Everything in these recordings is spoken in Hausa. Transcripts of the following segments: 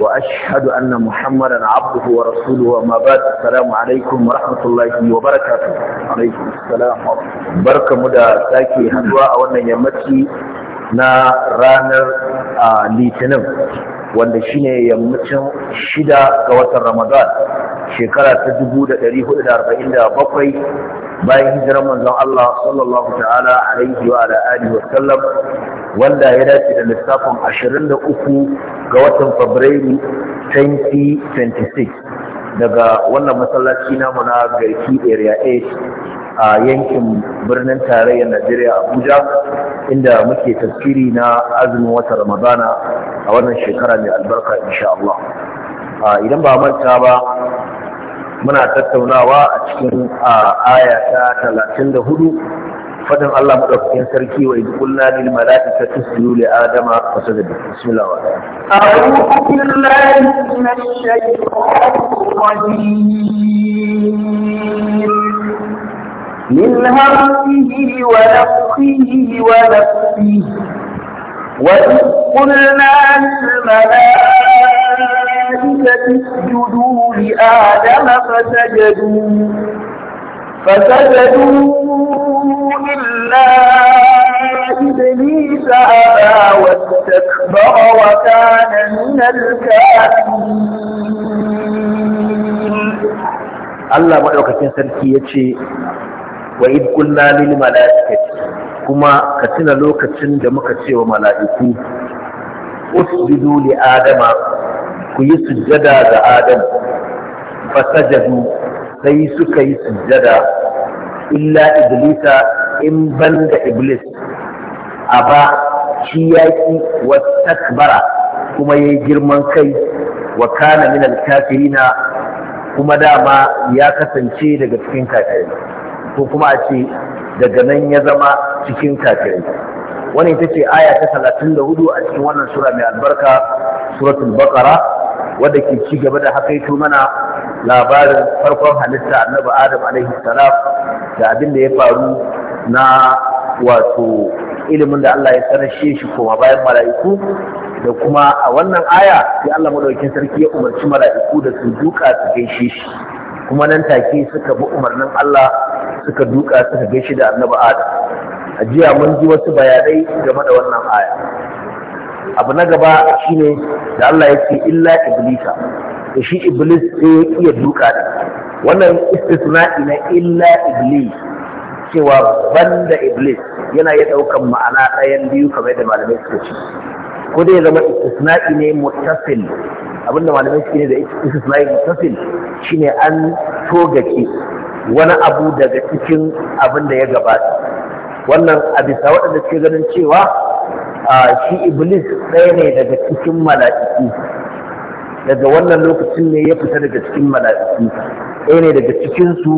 وأشهد أن محمدا عبده ورسوله وما بعد السلام عليكم ورحمة الله وبركاته عليكم السلام بركة مدى ساكي a wannan yammaci na ranar litinin wanda shine yammacin shida ga watan ramadan shekara ta 1447 bayan hijirar manzon Allah sallallahu ta'ala alaihi wa alihi wa sallam wanda ya dace da lissafin 23 ga watan Fabrairu 2026 daga wannan masallaci namu na Garki Area 8 a yankin birnin tarayyar Najeriya Abuja inda muke tafsiri na azumin watan Ramadana a wannan shekara mai albarka insha Allah. Idan ba manta ba muna tattaunawa a cikin aya ta 34 fadin Allah madaukakin sarki wa idh qulna lil malaikati isjudu li adama fasajadu bismillah wa a'udhu billahi minash shaitanir rajim min hamzihi wa nafthihi wa nafthihi وإذ قلنا للملائكة اسجدوا لآدم فسجدوا فسجدوا إلا إبليس أبى واستكبر وكان من الكافرين الله مدوكاكين سركي يتشي وإذ قلنا للملائكة kuma ka tuna lokacin da muka ce wa mala'iku usjudu li adama ku yi sujjada ga adam fasajadu sai suka yi sujjada illa iblisa in da iblis aba shi yaki wa takbara kuma yayi girman kai wa kana min kafirina kuma dama ya kasance daga cikin kafirai ko kuma a ce daga nan ya zama cikin kafirai Wani ita ce aya ta 34 a cikin wannan sura mai albarka suratul baqara wadda ke ci gaba da hakaito mana labarin farkon halitta annabi adam alaihi salam da abin da ya faru na wato ilimin da Allah ya sanashe shi koma bayan mala'iku da kuma a wannan aya sai Allah madaukakin sarki ya umarci mala'iku da su duka su gaishe shi kuma nan take suka bi umarnin Allah suka duka suka gaishe da annabi adam a jiya mun ji wasu bayanai game da wannan aya abu na gaba shine da Allah ya ce illa iblisa da shi iblis sai ya iya duka da wannan istisna'i na illa iblis cewa banda iblis yana ya daukan ma'ana ɗayan biyu kamar da malamai suka ce ko dai zama istisna'i ne muttasil abinda malamai suke ne da istisna'i shi shine an togace wani abu daga cikin abin da ya gabata wannan a bisa waɗanda suke ganin cewa shi iblis ɗaya ne daga cikin mala'iku daga wannan lokacin ne ya fita daga cikin mala'iku ɗaya ne daga cikinsu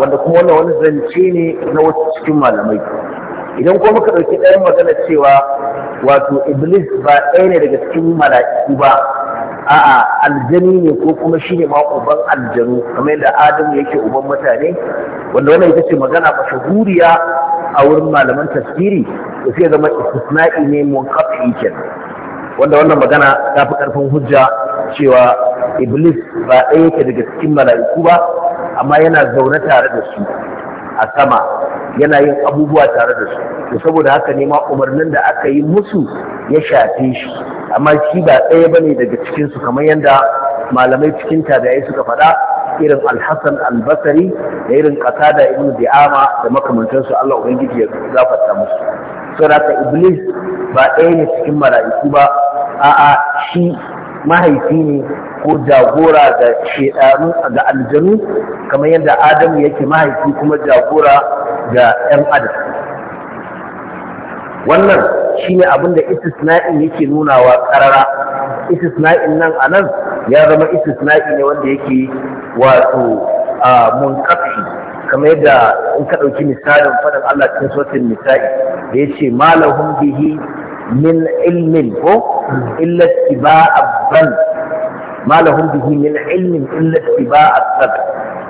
wanda kuma wannan wani zance ne na wasu cikin malamai idan kuma muka ɗauki ɗayan magana cewa wato iblis ba ɗaya ne daga cikin mala'iku ba a'a aljani ne ko kuma shi ne ma uban aljanu kamar yadda adamu yake uban mutane wanda wannan ita ce magana mashahuriya a wurin malaman tafsiri da sai zama istisna'i ne kafa kenan wanda wannan magana ta fi karfin hujja cewa iblis ba ɗaya yake daga cikin mala'iku ba amma yana zaune tare da su a sama yana yin abubuwa tare da su to saboda haka ne ma umarnin da aka yi musu ya shafe shi amma shi ba ɗaya bane daga cikin su kamar yadda malamai cikin tabi'ai suka faɗa irin alhassan albasari da irin ƙasa da ibn di'ama da makamantansu Allah ubangiji ya gafarta musu saboda iblis ba ɗaya ne cikin mala'iku ba a'a shi mahaifi ne ko jagora ga shedanu ga aljanu kamar yadda adamu yake mahaifi kuma jagora ga 'yan adam wannan shine abinda da istisna'in yake nunawa karara istisna'in nan a nan ya zama istisna'i ne wanda yake wato a munkafi kamar yadda in ka ɗauki misalin faɗin Allah cikin sotin nisa'i da ya ce malahun bihi min ilmin ko illa tiba'a ban malahun bihi min ilmin illa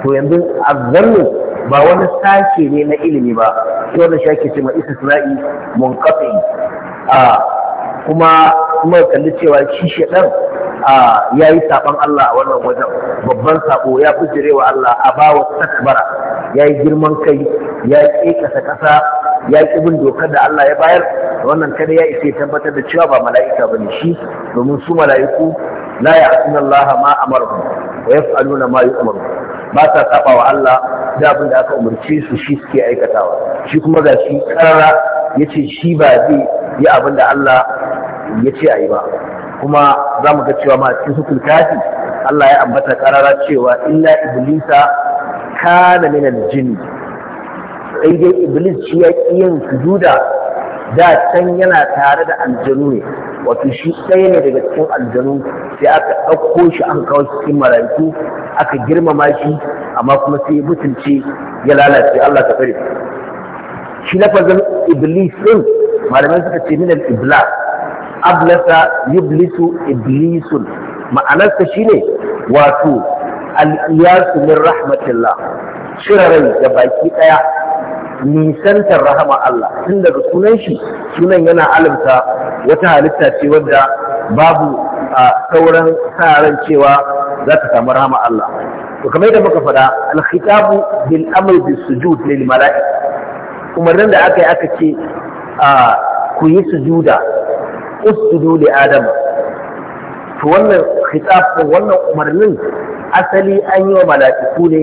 to yanzu azzannu ba wani sashe ne na ilimi ba shi wanda shi ake cewa istisna'i munqati a kuma kuma kalli cewa shi shedan a yayi saban Allah a wannan wajen babban saƙo ya wa Allah a bawa takbara yayi girman kai ya kekasa kasa ya ƙi bin dokar da Allah ya bayar wannan kada ya isa tabbatar da cewa ba mala'ika bane shi domin su mala'iku la ya'tuna Allah ma amaru wa yaf'aluna ma yu'maru ba sa saba wa Allah da abin da aka umarce su shi suke aikatawa shi kuma ga shi karara ya ce shi ba zai yi abin da Allah ya ce a yi ba kuma za mu ga cewa ma cikin hukun kafi Allah ya ambata karara cewa illa iblisa kana min jini. sai dai iblis shi ya kiyin sujuda da can yana tare da aljanu ne wato shi ɗaya ne daga cikin aljanu sai aka ɗauko shi an kawo shi cikin marayu aka girmama shi amma kuma sai mutunci ya lalace Allah ta fare shi lafazin iblis din malamai suka ce min iblas ablasa yublisu iblisun ma'anarsa shine wato al-iyasu min rahmatillah shirarai da baki daya nisantar rahama Allah tun daga sunan shi sunan yana alamta wata halitta ce wadda babu a sauran sa cewa za ta samu rahama Allah to kamar yadda muka faɗa al-khitabu bil amr bis sujud lil mala'i. umarnin da aka yi aka ce a ku yi sujuda usjudu li adam to wannan khitab wannan umarnin asali an yi wa mala'iku ne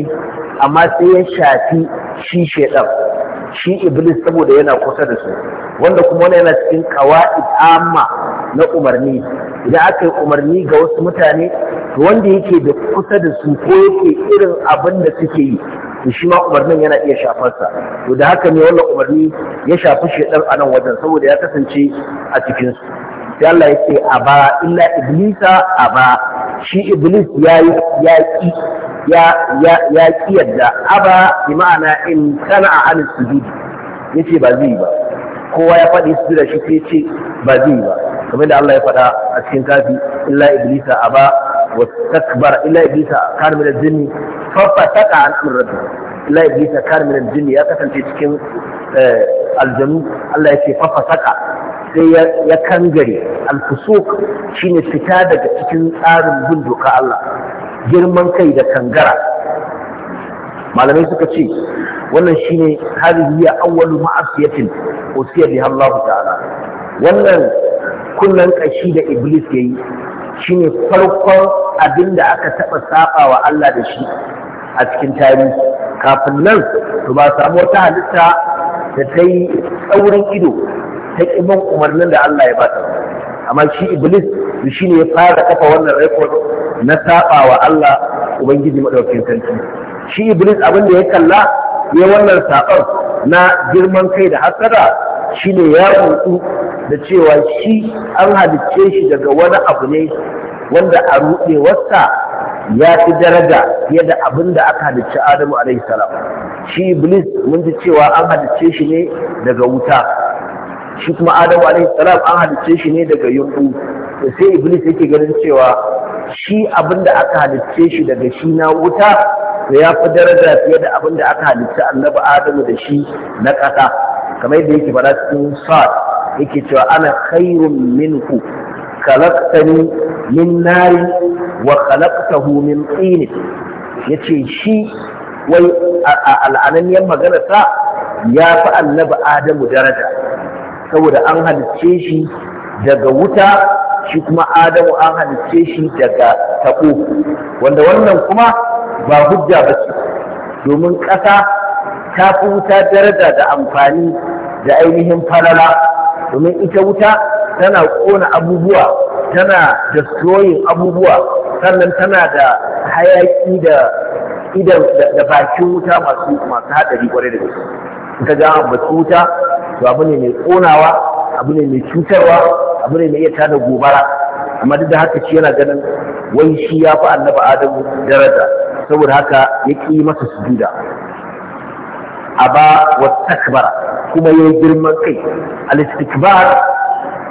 amma sai ya shafi shi shaidan shi iblis saboda yana kusa da su wanda kuma wani yana cikin kawa'id amma na umarni idan aka yi umarni ga wasu mutane to wanda yake da kusa da su ko yake irin abin da suke yi to shi ma umarnin yana iya shafarsa to da haka ne wannan umarni ya shafi shaidan a nan wajen saboda ya kasance a cikin su sai Allah ya ce aba illa iblisa aba shi iblis yayi yaki ya ya ya kiyarda aba bi ma'ana in kana an sujud yace ba zai ba kowa ya faɗi su da shi sai ce ba zai ba kamar da Allah ya faɗa a cikin kafi illa iblisa aba wa takbar illa iblisa kana min al-jinni fa fataka an rabbi illa iblisa kana min al-jinni ya kasance cikin eh, aljanu Allah ya ce fa fataka sai ya kangare al-fusuq shine fita daga cikin tsarin bin doka Allah girman kai da kangara malamai suka ce wannan shine hadhihi ya awwalu ma'asiyatin usiya biha Allah ta'ala wannan kullan kashi da iblis yayi shine farkon abin da aka taba saba wa Allah da shi a cikin tarihi kafin nan to ba samu wata halitta da ta yi tsaurin ido ta ƙiban umarnin da Allah ya bata amma shi iblis shi ne ya fara kafa wannan rekod na saba wa Allah ubangiji maɗaukin sarki shi iblis abin da ya kalla ya wannan saɓar na girman kai da hasara ne ya rutu da cewa shi an halicce shi daga wani abu ne wanda a ruɗewarsa ya fi daraja fiye da abin da aka halicci Adamu alaihi salam shi iblis mun ji cewa an halicce shi ne daga wuta shi kuma Adamu alaihi salam an halicce shi ne daga yunɓu sai iblis yake ganin cewa shi da aka halicce shi daga shi na wuta to ya fi daraja fiye da da aka halicce annabi adamu da shi na ƙasa kamar yadda yake fara cikin sa'ad yake cewa ana khairun minhu khalaqtani min nari wa khalaqtahu min tin yace shi wai al'ananiyar magana sa ya fi annabi adamu daraja saboda an halicce shi daga wuta shi kuma adamu an halicce shi daga taɓo wanda wannan kuma ba hujja ba ce domin ƙasa ta fi wuta daraja da amfani da ainihin falala domin ita wuta tana ƙona abubuwa tana destroying abubuwa sannan tana da hayaƙi da idan da bakin wuta masu haɗari ƙwarai da gaske ga wuta to abu ne mai ƙonawa abu ne mai cutarwa abu ne mai iya tada gobara amma duk da haka shi yana ganin wai shi ya fi annabi adamu daraja saboda haka ya ƙi masa sujuda aba wa takbara kuma ya girman kai al-istikbar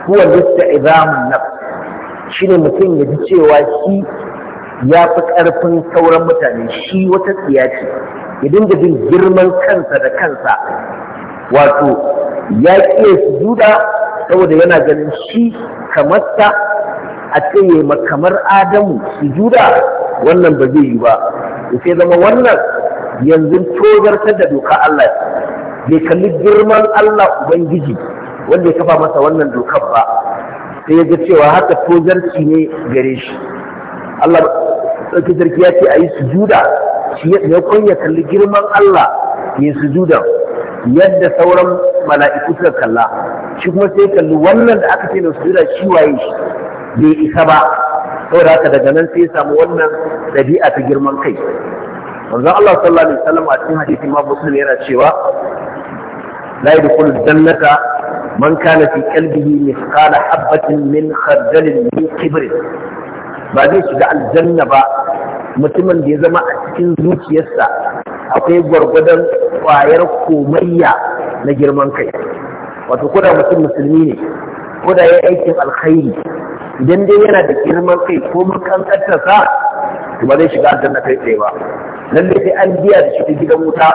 huwa istizamun nafs shine mutum ya ji cewa shi ya fi ƙarfin sauran mutane shi wata tsiya ce ya dinga jin girman kansa da kansa wato ya ƙiye juda saboda yana ganin shi ta a tsaye kamar adamu su juda? wannan ba zai yi ba sai zama wannan yanzu tozartar da doka Allah ya kalli girman Allah Ubangiji wanda ya kafa masa wannan dokar ba sai ya ga cewa haka tozarci ne gare shi Allah sarki sarki ya ce a yi sujuda shi ya kunya kalli girman Allah ya su juda. yadda sauran mala'iku suka kalla shi kuma sai kalli wannan da aka ce na sujuda shi waye shi bai isa ba da haka daga nan sai ya samu wannan dabi'a ta girman kai Wanzan Allah sallallahu alaihi wasallam a cikin hadisi ma muslim yana cewa la yadkhulul jannata man kana fi qalbihi mithqala habatin min khardalin min kibr ba zai shiga aljanna ba mutumin da ya zama a cikin zuciyarsa akwai gwargwadon kwayar komayya na girman kai wato kuda mutum musulmi ne koda ya aikin alkhairi idan dai yana da girman kai ko makankantar sa to ba zai shiga aljanna kai tsaye ba lalle sai an biya da shi gidan wuta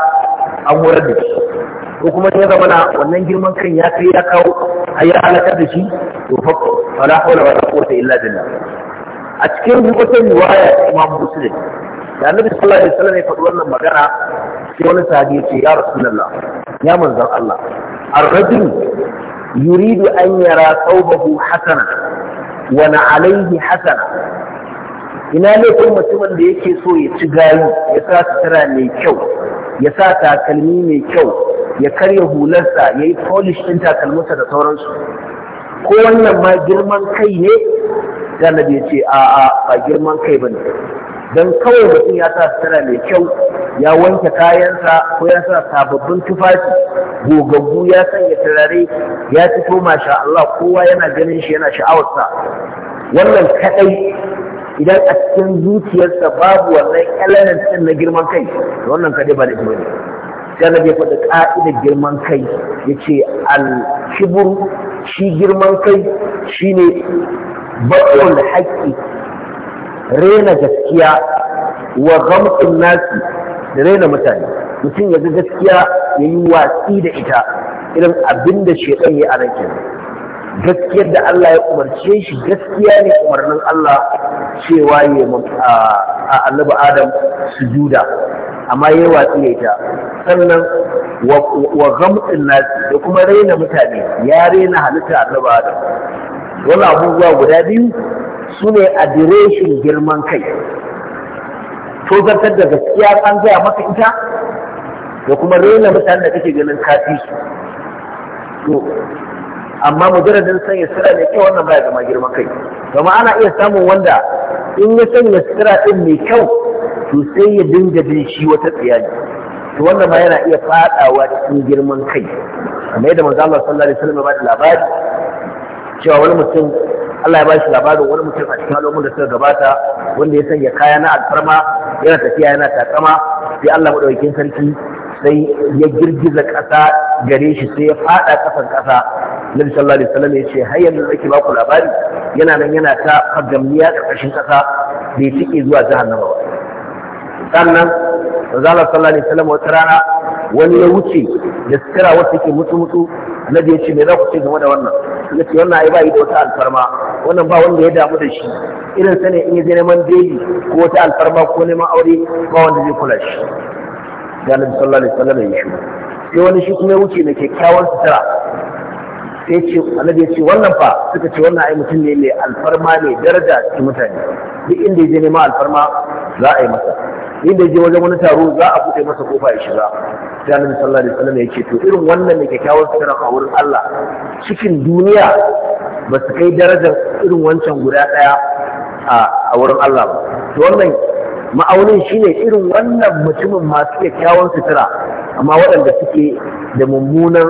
an horar da shi ko kuma ya zama na wannan girman kan ya kai ya kawo a yi halakar da shi to fa fala hawla wala quwwata illa billah a cikin rubutun riwaya Imam Muslim da annabi sallallahu alaihi wasallam ya faɗi wannan magana sai wani sahabi ya ce ya rasulullah ya manzon Allah ar-rajul yuridu an yara thawbahu hasana wa na alaihi hasana ina laifin mutumin da yake so ya ci gayu ya sa sutura mai kyau ya sa takalmi mai kyau ya karya hularsa ya yi polish ɗin takalminsa da sauransu ko wannan ma girman kai ne da na ce a a ba girman kai ba ne don kawai mutum ya sa sutura mai kyau ya wanke kayansa ko ya sa sababbin tufafi gogaggu ya sanya turare ya fito masha Allah kowa yana ganin shi yana sha'awarsa wannan kadai idan a cikin zuciyarsa babu wannan elements din na girman kai wannan kadai ba da ita ne. sai na bai faɗi girman kai ya ce al shi girman kai shine baƙon haƙƙi rena gaskiya wa gamsun nasi da rena mutane mutum ya ga gaskiya ya yi watsi da ita irin abin da shekan ya a kenan gaskiyar da Allah ya umarce shi gaskiya ne umarnin Allah cewa ya yi a annabi Adam sujuda amma ya yi watsi da ita sannan wa gamsun nasi da kuma rena mutane ya rena halitta annabi Adam Wani abubuwa guda biyu su ne adireshin girman kai tozartar da gaskiya an gaya maka ita da kuma rena mutanen da kake ganin kafi su amma mujarradin sanya sira ne kyau wannan baya zama girman kai kuma ana iya samun wanda in ya sanya sira din mai kyau to sai ya dinga bin shi wata tsiyani to wannan ma yana iya fadawa cikin girman kai kamar yadda manzo Allah sallallahu alaihi wasallam ya bada labari cewa wani mutum Allah ya bashi labarin wani mutum a cikin al'ummar da suka gabata wanda ya sanya kaya na alfarma yana tafiya yana takama sai Allah madaukakin sarki sai ya girgiza ƙasa gare shi sai ya fada ƙasan ƙasa Nabi sallallahu alaihi wasallam ya ce har yanzu ake ba ku labari yana nan yana ta fagamniya ƙarƙashin ƙasa bai tike zuwa jahannama ba sannan Rasulullah sallallahu alaihi wasallam wata rana wani ya wuce da sitira wata take mutu mutu Nabi ya ce me za ku ce game da wannan ya ce wannan ai yi da wata alfarma wannan ba wanda ya damu da shi irin sani in zai neman daily ko wata alfarma ko neman aure ba wanda zai kula shi da Sallar sallallahu alaihi wasallam ya shi sai wani shi kuma ya wuce da kyakkyawan sutura sai ce Annabi ya ce wannan fa suka ce wannan ai mutum ne mai alfarma ne daraja ci mutane duk inda ya je neman alfarma za a yi masa inda ya je wajen wani taro za a buɗe masa kofa ya shiga sai annabi sallallahu alaihi wasallam ya ce to irin wannan da kyakkyawar sutura a wurin Allah cikin duniya ba su kai darajar irin wancan guda ɗaya a wurin Allah ba to wannan ma'aunin shine irin wannan mutumin masu kyakkyawar sutura amma waɗanda suke da mummunan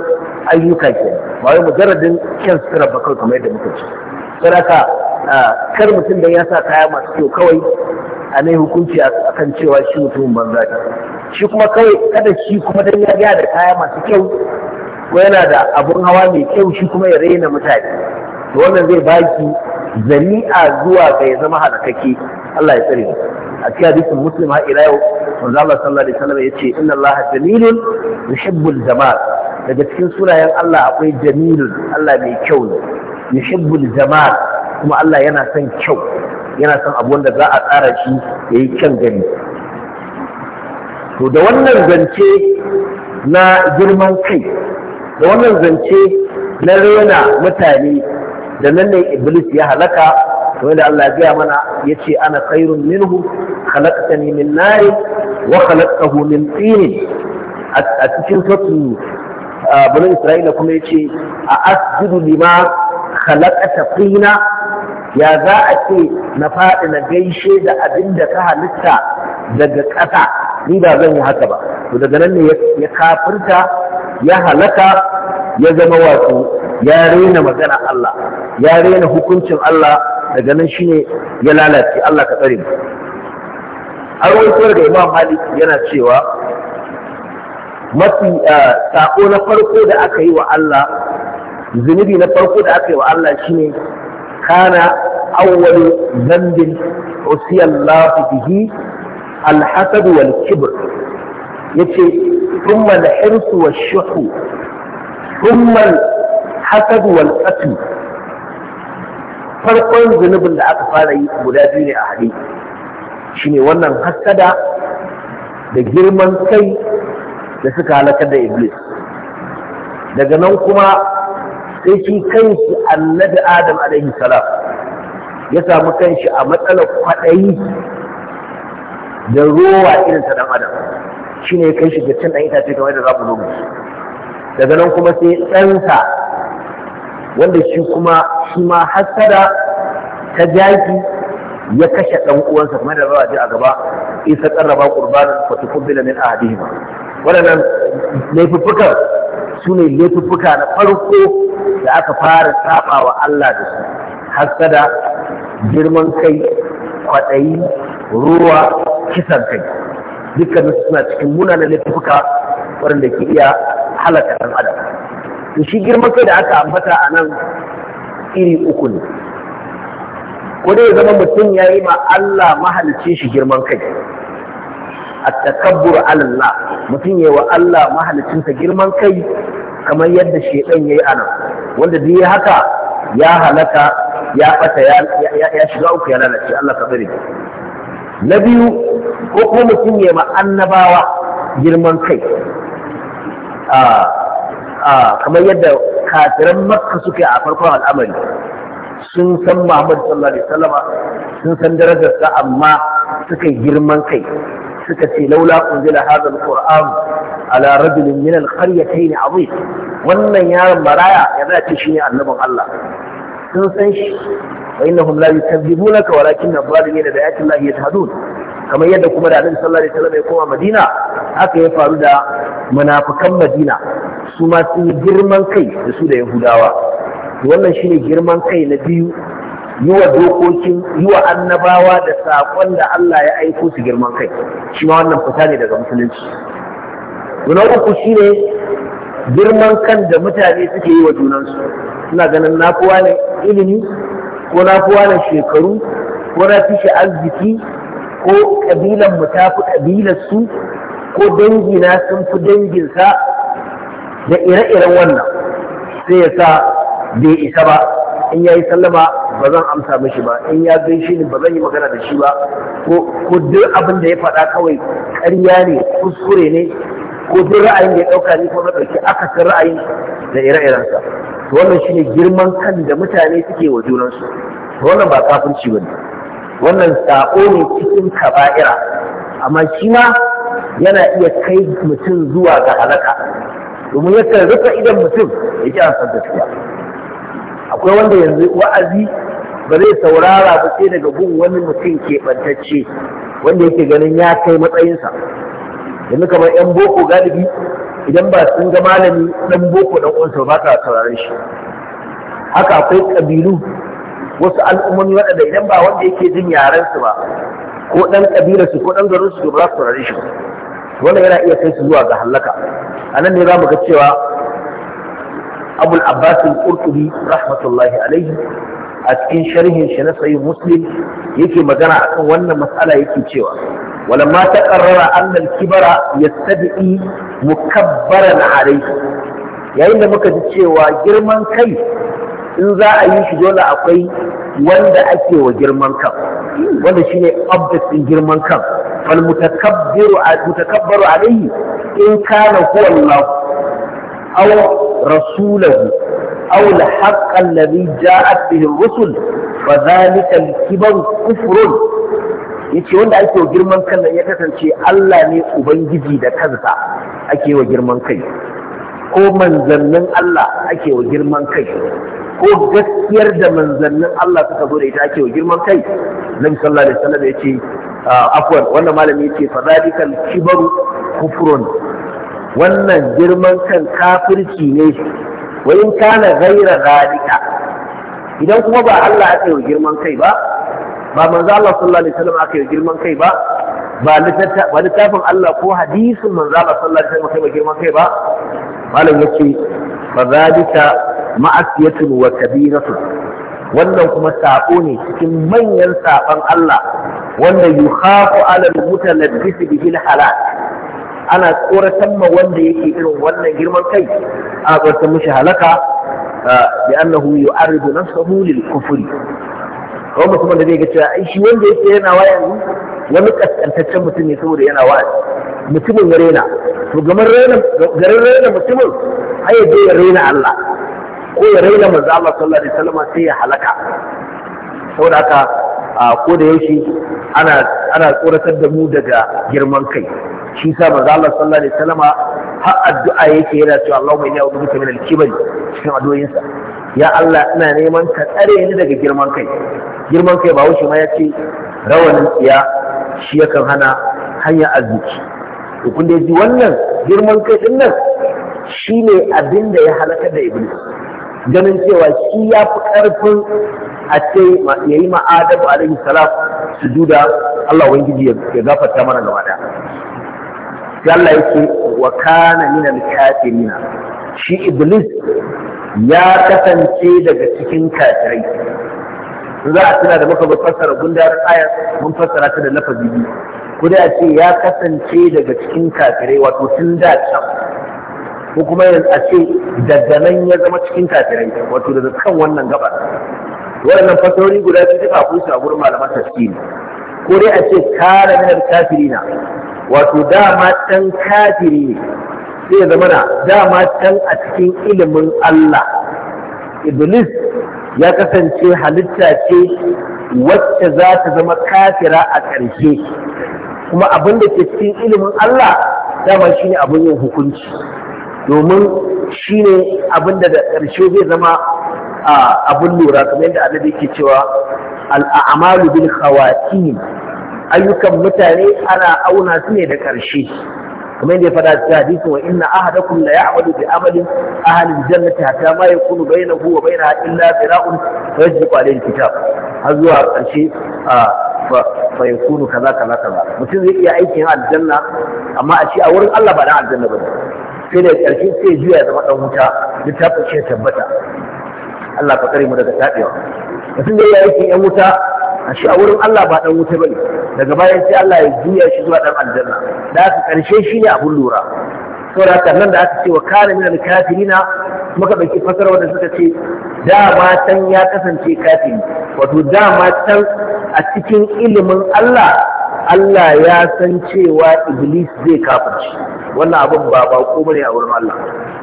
ayyuka ke ba wai mujarradin kyan sutura ba kawai kamar yadda muka ce sadaka kar mutum da ya sa kaya masu kyau kawai a nai hukunci a kan cewa shi mutumin banza ta shi kuma kawai kada shi kuma dan ya da kaya masu kyau ko yana da abun hawa mai kyau shi kuma ya raina mutane to wannan zai baki zani'a zuwa ga ya zama halakake Allah ya tsare mu a cikin hadisin muslim har ila yau manzo Allah sallallahu alaihi wasallam yace inna Allah jamilun yuhibbul jamal daga cikin sunayen Allah akwai jamilun Allah mai kyau ne yuhibbul jamal kuma Allah yana son kyau yana son abu wanda za a tsara shi yayi kyan gani to da wannan zance na girman kai da wannan zance na rena mutane da nan ne iblis ya halaka wanda Allah ya gaya mana ya ce ana khairun minhu khalaqtani min nari wa khalaqtahu min tin a cikin suratul bani isra'ila kuma ya ce a asjudu lima khalaqata tina ya za a ce na faɗi na gaishe da abin da ka halitta daga ƙasa ni ba zan yi haka ba to daga nan ne ya kafirta ya halaka ya zama wato ya rena magana Allah ya rena hukuncin Allah daga nan shine ya lalace Allah ka tsare mu arwaituwar da Imam Malik yana cewa mafi eh, sako na farko da aka yi wa Allah zunubi na farko da aka yi wa Allah shine kana awwal dhanbin usiyallahu bihi alhasad wal kibr yace thumma al-hirs wa shuhu hasad farkon zunubin da aka fara yi guda biyu ne a shi shine wannan hasada da girman kai da suka halakar da iblis daga nan kuma sai shi kanshi annabi adam alaihi salam ya samu kanshi a matsalar kwaɗayi da rowa irin ta dan adam shine kai shi ga cin dan itace kamar da za mu zo daga nan kuma sai ɗansa wanda shi kuma shi ma hasada ta jaki ya kashe ɗan uwansa kamar da za a ji a gaba isa ƙarraba qurbanan fa tuqbila min ahadihima waɗannan laifuffukan su ne laifuffuka na farko da aka fara saɓawa Allah da su hasada girman kai kwaɗayi ruwa kisan kai dukkanin suna cikin munanan laifuka waɗanda ke iya halaka ɗan adam to shi girman kai da aka ambata a nan iri uku ne ko dai zama mutum ya yi ma Allah mahalicin shi girman kai a takabbur Allah mutum ya yi wa Allah mahalicinsa girman kai kamar yadda shedan yayi anan wanda ya haka ya halaka ya ɓata, ya shiga uku ya lalace Allah ka bari na biyu ko kuma mutum ya annabawa girman kai kamar yadda kafiran makka suke a farkon al'amari sun san Muhammadu sallallahu alaihi wasallam sun san darajarsa amma suka girman kai suka ce laula unzila hadha alquran ala rajulin min alqaryatayn azim wannan yaron maraya ya zace shine annabin Allah sun san shi fa innahum la na walakin adh-dhalimina bi ayati llahi hadu, kamar yadda kuma da Annabi sallallahu ta wasallam ya koma Madina haka ya faru da munafukan Madina su ma girman kai da su da Yahudawa wannan shine girman kai na biyu yi dokokin yiwa annabawa da sakon da Allah ya aiko su girman kai shi ma wannan fita ne daga musulunci na uku shine girman kan da mutane suke yi wa junansu suna ganin na kowa ne ilimi ko na fi wani shekaru ko na fi shi arziki ko ƙabilan mu ta fi ƙabilar su ko dangi na sun fi danginsa da ire-iren wannan sai ya sa bai isa ba in ya yi sallama ba zan amsa mishi ba in ya shi ni ba zan yi magana da shi ba ko duk abin da ya faɗa kawai karya ne kuskure ne ko duk ra'ayin da ya ɗauka ni ko na aka akasin ra'ayin da ire-irensa wannan shine girman kan da mutane suke wa junansu wannan ba kafirci bane wannan sako ne cikin kaba'ira amma shi ma yana iya kai mutum zuwa ga halaka domin yakan rufe idan mutum ya ji san gaskiya akwai wanda yanzu wa'azi ba zai saurara ba sai daga gun wani mutum keɓantacce wanda yake ganin ya kai matsayinsa yanzu kamar 'yan boko galibi idan ba sun ga malami dan boko dan uwansa ba ka saurare shi haka akwai kabilu wasu al'ummomi waɗanda idan ba wanda yake jin yarensu ba ko dan su, ko dan garinsu ba za su saurare shi wannan yana iya kai su zuwa ga halaka a nan ne za mu ga cewa abul abbas al-qurtubi rahmatullahi alaihi a cikin sharhin shi na sahih muslim yake magana akan wannan mas'ala yake cewa ولما تقرر أن الكبر يستدعي مكبرا عليه yayin da muka ji cewa girman kai in za a yi shi dole akwai wanda ake wa girman kan wanda shine object girman kan fal mutakabbiru mutakabbaru alayhi in kana huwa Allah aw rasulahu aw al-haqq alladhi ja'at bihi ar-rusul fa dhalika al yace wanda ake wa girman kan nan ya kasance Allah ne ubangiji da kansa ake wa girman kai ko manzannin Allah ake wa girman kai ko gaskiyar da manzannin Allah suka zo da ita ake wa girman kai Nabi sallallahu alaihi wasallam yace ah, afwan wannan malami yace fa zalikal kibaru kufrun wannan girman kan kafirci ne wa in kana ghaira zalika idan kuma ba Allah ake wa girman kai ba ba manzo Allah sallallahu alaihi wasallam aka yi girman kai ba ba littafin Allah ko hadisin manzo Allah sallallahu alaihi wasallam kai girman kai ba malam yace fa zalika ma'asiyatun wa kabiratun wannan kuma sako ne cikin manyan saban Allah wanda yukhafu ala al-mutalabbis bihi al-halal ana tsoratan ma wanda yake irin wannan girman kai a tsoratan mishi halaka bi annahu yu'arridu nafsahu lil kufri kawai mutumin da zai ga cewa shi wanda yake yana wa yanzu wani kaskantaccen mutum ne saboda yana waya. mutumin ya rena to garin rena mutumin ai je ya rena Allah ko ya rena manzo Allah sallallahu alaihi wasallam sai ya halaka saboda haka ko da yake ana ana tsoratar da mu daga girman kai shi sa manzo Allah sallallahu alaihi wasallam har addu'a yake yana cewa Allahumma inni a'udhu bika min al-kibri cikin addu'oyinsa ya Allah ina neman ka tsare ni daga girman kai girman kai ba wuce ma ya ce rawanin tsiya shi yakan hana hanya arziki to kun dai ji wannan girman kai din nan shine abin da ya halaka da iblis ganin cewa shi ya fi karfin a ce ya yi ma'adabu alaihi salam sujuda Allah wangiji ya gafarta mana gaba daya sai Allah yake wa kana minal kafirin shi iblis ya kasance daga cikin kafirai za a tuna da muka fassara gundarin ayar mun fassara ta da lafazi biyu ko da ce ya kasance daga cikin kafirai wato tun da can ko kuma yanzu a ce daga nan ya zama cikin kafirai wato daga kan wannan gaba waɗannan fasarori guda biyu duka kun su a gurin malaman tafsiri ko dai a ce kare minar kafirina wato dama ɗan kafiri ne zai zama na dama can a cikin ilimin Allah iblis ya kasance halitta ce wacce za ta zama kafira a ƙarshe kuma abin da ke cikin ilimin Allah dama shi ne abin yin hukunci domin shi ne abin da ƙarshe zai zama abin lura kamar yadda annabi ke cewa al'amalu bil khawatim ayyukan mutane ana auna su ne da ƙarshe kamar yadda ya faɗa cikin hadisin wa inna ahadakum la ya'malu bi amalin ahli jannati hatta ma yakunu bainahu wa bainaha illa zira'un yajbu alayhi kitab har zuwa ƙarshe fa yakunu kaza kaza kaza mutum zai iya aikin aljanna amma a ce a wurin Allah ba dan aljanna ba sai da ƙarshe sai juya zama dan wuta littafin shi tabbata Allah ka kare mu daga tabewa mutum zai iya aikin yan wuta a shi a wurin Allah ba dan wuta bane daga bayan sai Allah ya juya shi zuwa dan aljanna da aka karshe shi ne abun lura saboda haka nan da aka ce wa kana min al muka dauki fasara wanda suka ce dama can ya kasance kafiri wato dama can a cikin ilimin Allah Allah ya san cewa Iblis zai kafirci wannan abin ba ba ko bane a wurin Allah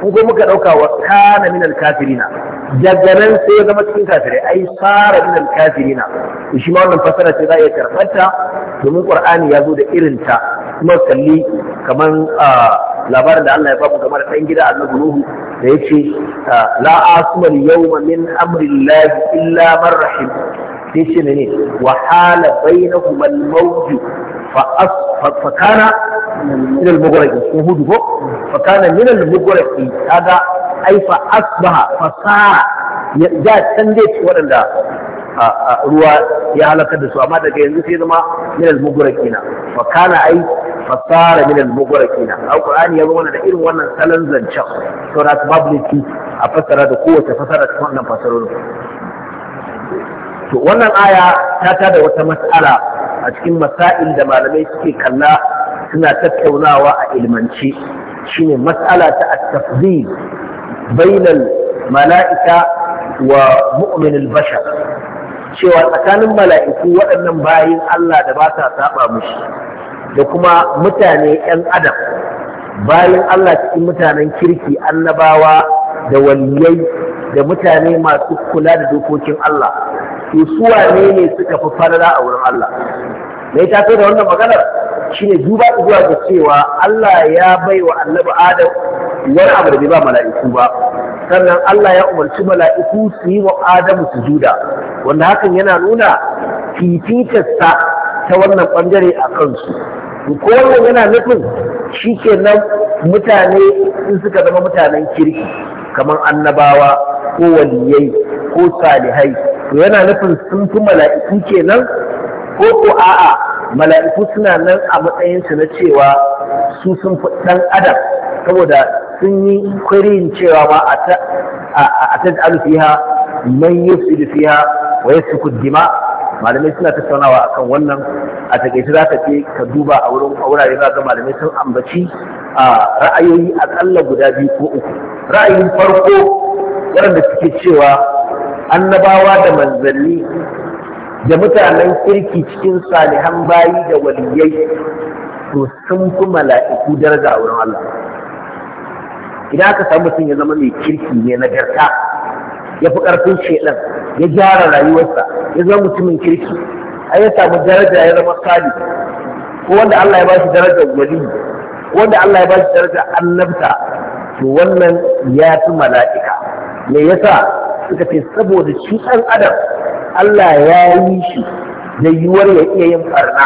ko muka dauka wa kana min al daga nan sai ya zama cikin kafirai ai fara min kafirina to shi ma wannan fasara ce za a iya karɓarta domin qur'ani ya zo da irin ta kuma kalli kaman labarin da Allah ya bamu kamar dan gida annabi Nuhu da yace la asma yawma min amri Allah illa man rahim sai ce ne wa hala bainahuma al-mawj fa fa kana min al-mughraqin hudu ko fa kana min al-mughraqin kaga ai fa asbaha fasara ya waɗanda ruwa ya halakar da su amma daga yanzu sai zama min al-mughraqina fa kana ai fasara min al-mughraqina alqur'ani ya zama da irin wannan salon zancen saurat babliki a fasara da kowace fasara ta wannan fasarorin to wannan aya ta tada wata mas'ala a cikin masail da malamai suke kalla suna tattaunawa a ilmance shine mas'ala ta at bainal mala'ika wa البشر bashar cewa tsakanin mala'iku waɗannan bayin Allah da ba ta saba mushi da kuma mutane ‘yan adam bayin Allah cikin mutanen kirki annabawa da waliyai da mutane masu kula da dokokin Allah su wane ne suka fi farara a wurin Allah me ta da wannan maganar ne duba zuwa ga cewa Allah ya bai wa annabi Adam wani abu da bai ba mala'iku ba sannan Allah ya umarci mala'iku su yi wa Adam sujuda wanda hakan yana nuna fifitarsa ta wannan bangare a kansu ko wannan yana nufin shi kenan mutane in suka zama mutanen kirki kamar annabawa ko waliyai ko salihai to yana nufin sun fi mala'iku kenan ko ko a'a mala'iku suna nan a matsayinsu na cewa su sun fi ɗan adam saboda sun yi kwarin cewa ma a ta alfiha man yusidu fiha wa su dima malamai suna tattaunawa akan wannan a takaice za ka ce ka duba a wurin wurare za malamai sun ambaci a ra'ayoyi a akalla guda biyu ko uku ra'ayin farko waɗanda suke cewa annabawa da manzanni da mutanen kirki cikin salihan bayi da waliyai to sun fi mala'iku daraja a wurin Allah idan aka samu mutum ya zama mai kirki ne na garka ya fi ƙarfin shedan ya gyara rayuwarsa ya zama mutumin kirki ai ya samu daraja ya zama sali ko wanda Allah ya ba shi darajar wali ko wanda Allah ya ba shi darajar annabta to wannan ya fi mala'ika me yasa suka ce saboda shi ɗan adam Allah ya yi shi da yiwuwar ya iya yin farna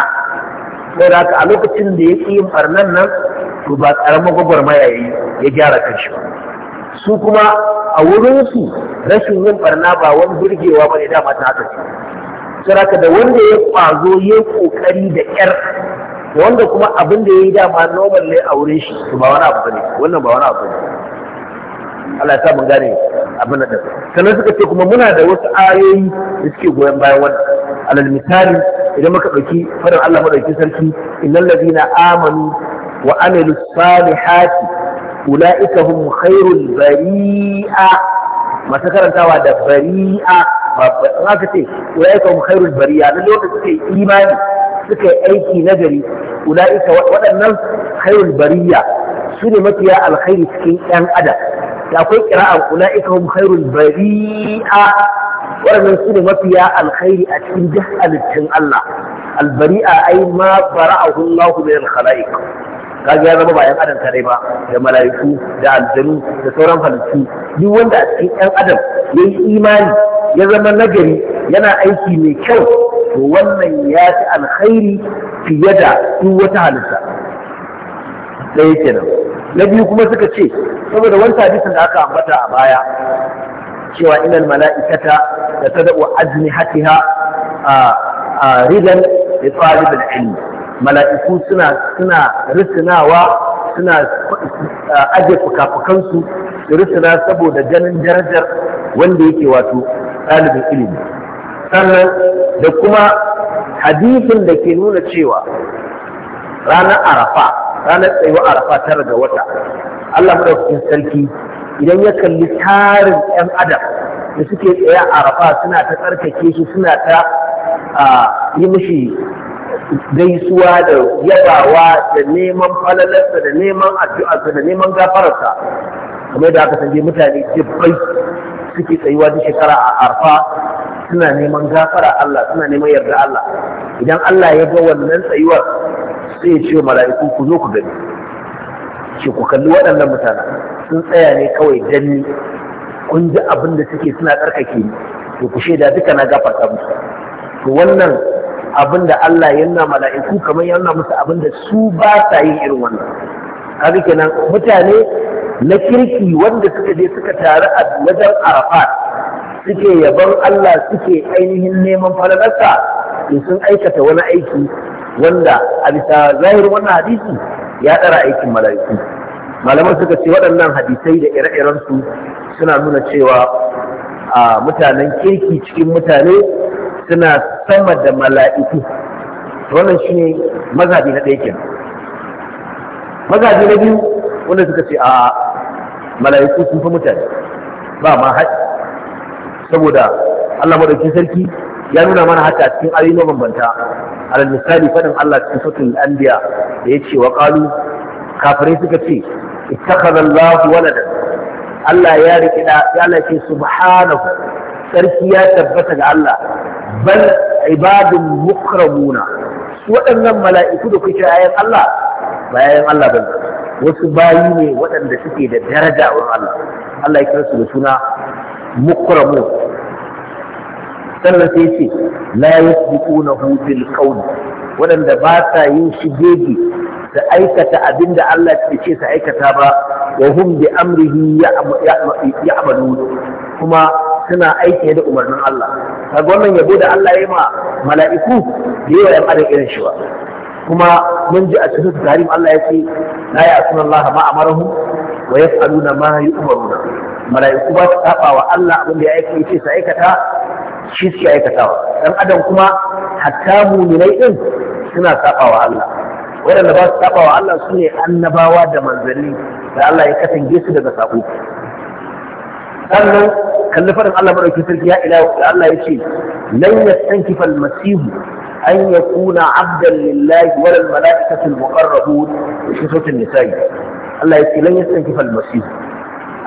sai da a lokacin da ya fi yin farnan nan to ba ƙaramin gwagwarmaya ya yi ya gyara kanshi ba su kuma a wurinsu rashin yin farna ba wani burgewa ba ne dama ta haka ce sai da wanda ya kwazo ya yi kokari da ƴar, da wanda kuma abin da ya yi dama normal ne a wurin shi to ba wani abu ne wannan ba wani abu ne Allah ya sa mun gane abin da sannan suka ce kuma muna da wasu ayoyi da suke goyon bayan wannan alal misali idan muka ɗauki faɗin Allah madauki sarki innal ladina amanu wa amilu salihati ulaika hum khairul bari'a masu karantawa da bari'a ba ka ce ulaika hum khairul bari'a na lokacin suka yi imani suka yi aiki nagari ulaika waɗannan khairul bari'a su ne mafiya alkhairi cikin 'yan adam da akwai ƙira'a ula'ika hum khairul bari'a waɗannan su ne mafiya alkhairi a cikin duk halittun Allah albari'a ai ma bara'ahu Allah min al-khalaiq kaga ya zama ba yan adam kare ba da mala'iku da aljanu da sauran halittu duk wanda a cikin yan adam yayi imani ya zama nagari yana aiki mai kyau to wannan ya fi alkhairi fiye da duk wata halitta ɗaya kenan na biyu kuma suka ce saboda wani hadisin da aka ambata a baya cewa inal mala'ikata da ta tada'u ajnihatiha a ridan da talibul ilmi mala'iku suna suna risinawa suna aje fukafukansu su risina saboda ganin darajar wanda yake wato ɗalibin ilimi sannan da kuma hadisin da ke nuna cewa ranar arafa ranar tsayuwa arafa tara ga wata Allah maɗaukakin sarki idan ya kalli tarin 'yan adam da suke tsaye a rafa suna ta tsarkake shi suna ta yi mishi gaisuwa da yabawa da neman falalarsa da neman addu'arsa da neman gafararsa kamar da aka sanje mutane dubbai suke tsayuwa duk shekara a arfa suna neman gafara Allah suna neman yarda Allah idan Allah ya ga wannan tsayuwar sai ya ce mala'iku ku zo ku gani ce ku kalli waɗannan mutane sun tsaya ne kawai danni kun ji abin da suke suna tsarkake ni to ku shaida duka na gafarta musu to wannan abin da Allah ya nuna mala'iku kamar ya nuna musu abin da su ba sa yin irin wannan kaga kenan mutane na kirki wanda suka je suka taru a wajen Arafat suke yabon Allah suke ainihin neman falalarsa to sun aikata wani aiki wanda a bisa zahirin wannan hadisi ya tsara aikin mala'iku malaman suka ce waɗannan hadisai da ire-irensu suna nuna cewa a mutanen kirki cikin mutane suna sama da mala'iku wannan shine mazabi na ɗaya mazabi na biyu wanda suka ce a mala'iku sun fi mutane ba ma haɗi saboda Allah madaukin sarki ya nuna mana haka a cikin ayoyi mabambanta alal misali fadin Allah cikin suratul anbiya da yace wa qalu kafirai suka ce ittakhadha Allah walada Allah ya riki da ya Allah ce subhanahu sarki ya tabbata ga Allah bal ibadun mukramuna waɗannan mala'iku da kuke ayan Allah bayan Allah bane wasu bayi ne waɗanda suke da daraja wurin Allah Allah ya kira su da suna mukramun sannan sai ce la na bil qawl waɗanda ba sa yin shigegi da aikata abinda Allah ke ce su aikata ba wa hum bi amrihi ya'malun kuma suna aiki da umarnin Allah ka wannan yabo da Allah ya yi ma mala'iku yayi da adam irin shi ba kuma mun ji a cikin tarihi Allah ya ce la ya'tuna Allah ma amaruhu wa yaf'aluna ma yu'maruna mala'iku ba su saba wa Allah abin da ya aika ce su aikata shi suke aikatawa dan adam kuma hatta muminai din suna sabawa Allah waɗanda ba su sabawa Allah su ne annabawa da manzanni da Allah ya katange su daga sako sannan kalli faɗin Allah madaukakin sarki ya ila Allah ya ce lan yastankifa al-masih an yakuna abdan lillahi wal malaikatu al-muqarrabun shi sautin nisa'i Allah ya ce lan yastankifa al-masih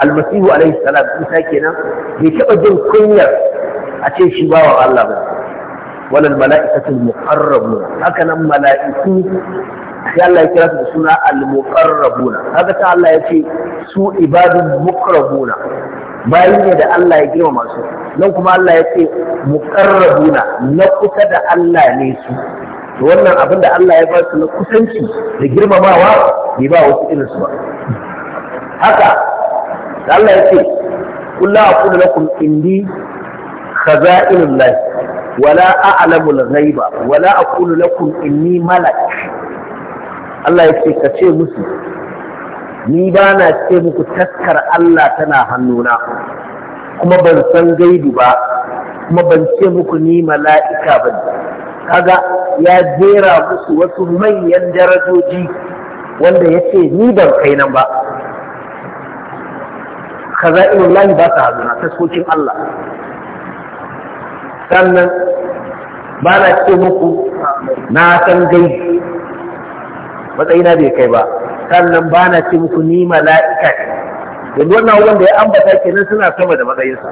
almasihu alaihi salam isa kenan bai taɓa jin kunyar a ce shi wa Allah ba wannan mala'ikatul muqarrabu haka nan mala'iku sai Allah ya kira su da suna al-muqarrabuna haka ta Allah ya ce su ibadun muqarrabuna bayi ne da Allah ya girmama su nan kuma Allah ya ce muqarrabuna na kusa da Allah ne su to wannan abin da Allah ya ba su na kusanci da girmamawa bai ba wasu irin su ba haka Allah ya ce kullu aqulu lakum indi khaza'inullah wala a'lamul ghaiba wala aqulu lakum inni malak Allah yake ka ce musu ni ba na ce muku taskar Allah tana hannuna kuma ban san gaibi ba kuma ban ce muku ni mala'ika ba kaga ya jera musu wasu manyan darajoji wanda ya ce ni ban kai nan ba kaza irin lahi hannuna ta hazuna Allah sannan ba na ce muku na san gai matsayina bai kai ba sannan ba na ce muku ni mala'ika ne yanzu wannan wanda ya ambata kenan suna sama da matsayinsa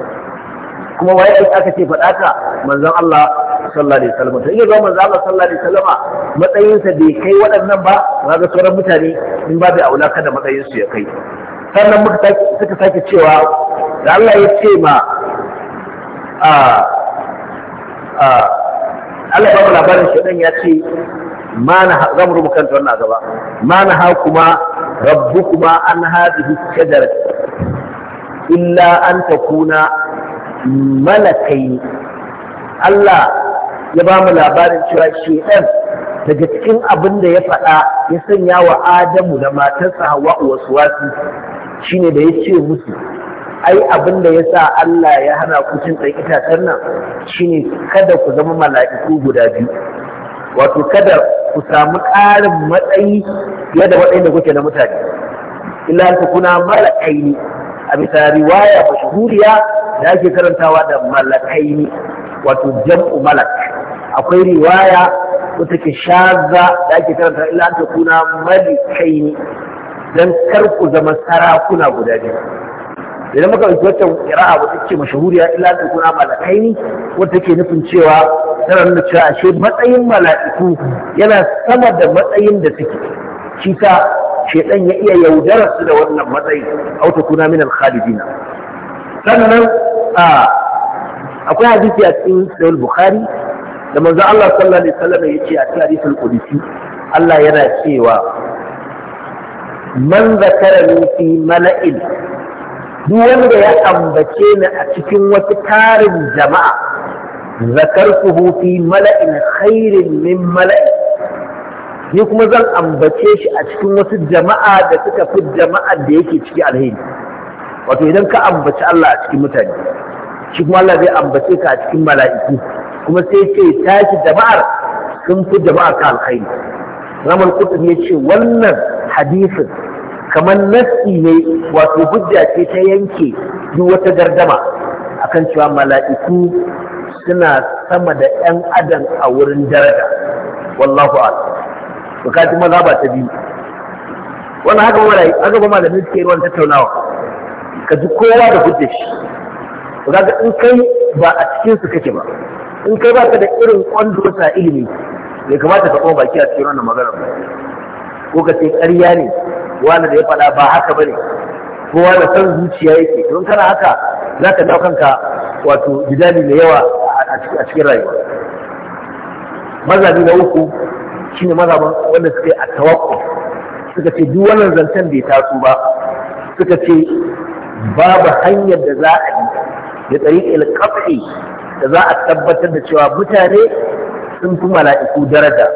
kuma waye in aka ce faɗa ka manzon Allah sallallahu alaihi wasallam to in ga manzon Allah sallallahu alaihi wasallam matsayinsa bai kai waɗannan ba ga sauran mutane in ba bai aula da matsayinsu ya kai sannan muka suka sake cewa da Allah ya ce ma a ah, Allah ba mu labarin ɗan ya ce mana za mu rubuta kanta wannan gaba mana ha kuma rabbu kuma an hadhihi shajar illa an ta kuna malakai Allah ya ba mu labarin cewa ɗan daga cikin abin da ya faɗa ya sanya wa Adamu da matarsa Hawwa wasu wasu shine da ya ce musu ai abin da ya sa Allah ya hana ku cin ɗan sannan, nan shine kada ku zama mala'iku guda biyu wato kada ku samu ƙarin matsayi fiye da waɗanda kuke na mutane illa ku kuna malakai a bisa riwaya mashhuriya da ake karantawa da malakai wato jam'u malak akwai riwaya wata ke shaza da ake karanta illa ku kuna malakai dan kar ku zama sarakuna guda biyu idan muka ɗauki wata ƙira'a wata ce mashahuriya illa ta kuna malakai ne wata ke nufin cewa tana nuna cewa ashe matsayin mala'iku yana sama da matsayin da suke shi ta shedan ya iya yaudarar su da wannan matsayi au kuna min al-khalidina sannan a akwai hadisi a cikin sahih bukhari da manzo Allah sallallahu alaihi wasallam yace a cikin hadisul qudsi Allah yana cewa man zakarani fi mala'il duk wanda ya ambace ni a cikin wasu tarin jama'a zakartuhu fi mala'in khairin min mala'i ni kuma zan ambace shi a cikin wasu jama'a da suka fi jama'a da yake ciki alheri wato idan ka ambaci Allah a cikin mutane shi kuma Allah zai ambace ka a cikin mala'iku kuma sai ce tashi jama'ar sun fi jama'ar ka alkhairi Ramal Qutb ya ce wannan hadisin kamar nassi ne wato hujja ce ta yanke duk wata gardama akan cewa mala'iku suna sama da 'yan adam a wurin daraja wallahu a'lam bukati maza ba ta biyu wannan haka yi haka ba da nufi ruwan tattaunawa ka ji kowa da hujja shi kaga in kai ba a cikin su kake ba in kai ba ka da irin kwando ta ilimi bai kamata ka koma baki a cikin wannan magana ba ko ka ce ƙarya ne wani da ya faɗa ba haka bane kowa da san zuciya yake don kana haka za ka dawo kanka wato jidali mai yawa a cikin rayuwa mazabi na uku shine mazaban wanda suka yi a tawakko suka ce duk wannan zancen bai taso ba suka ce babu hanyar da za a yi da tsari ilkafi da za a tabbatar da cewa mutane sun fi mala'iku daraja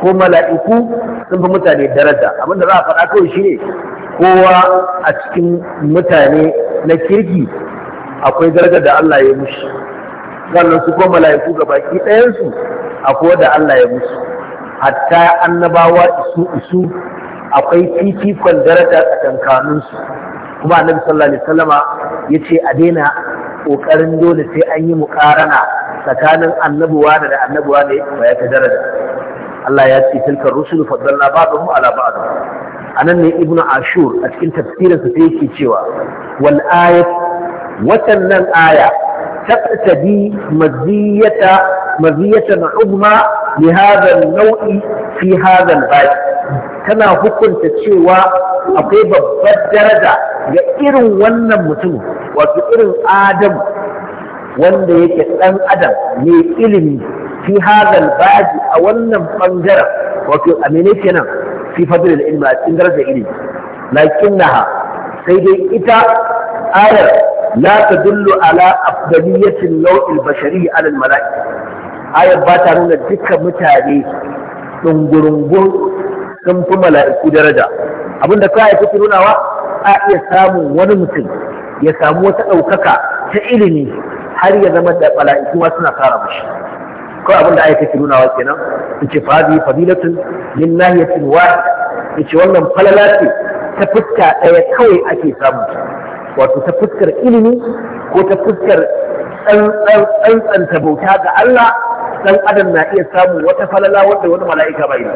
ko mala'iku sun fi mutane daraja abinda za a faɗa kawai shine kowa a cikin mutane na kirki akwai daraja da Allah ya mushi sannan su ko mala'iku ga baki ɗayansu akwai da Allah ya musu hatta annabawa isu isu akwai titikon daraja tankaninsu kuma annabi sallallahu alaihi wasallama ce a daina ƙoƙarin dole sai an yi muƙarana tsakanin annabuwa da annabuwa ne ba ya ta daraja Allah ya ce tilka rusulu faddalna ba'dahu ala ba'd. Anan ne Ibnu Ashur a cikin tafsirinsa sai yake cewa wal ayat nan aya taqtadi maziyata maziyatan ubma li hadha an-naw'i fi tana hukunta cewa akwai babbar daraja ga irin wannan mutum wato irin Adamu. wanda yake ɗan adam mai ilimi fi hadal baji a wannan ɓangaren wato a mene kenan fi fadl al a cikin darajar ilimi lakinnaha sai dai ita ayar la tadullu ala afdaliyati an bashari ala ayar ba ta nuna duka mutane dungurungun sun fi mala'iku daraja abinda kai fi nunawa a iya samun wani mutum ya samu wata ɗaukaka ta ilimi har ya zama da mala'iku ma suna kara mashi kawai abin da ayata ke nunawa kenan in ce fadi fadilatun min nahiyatin wahid in ce wannan falala ce ta fuska ɗaya kawai ake samu wato ta fuskar ilimi ko ta fuskar tsantsanta bauta ga Allah dan adam na iya samu wata falala wanda wani mala'ika bai yi.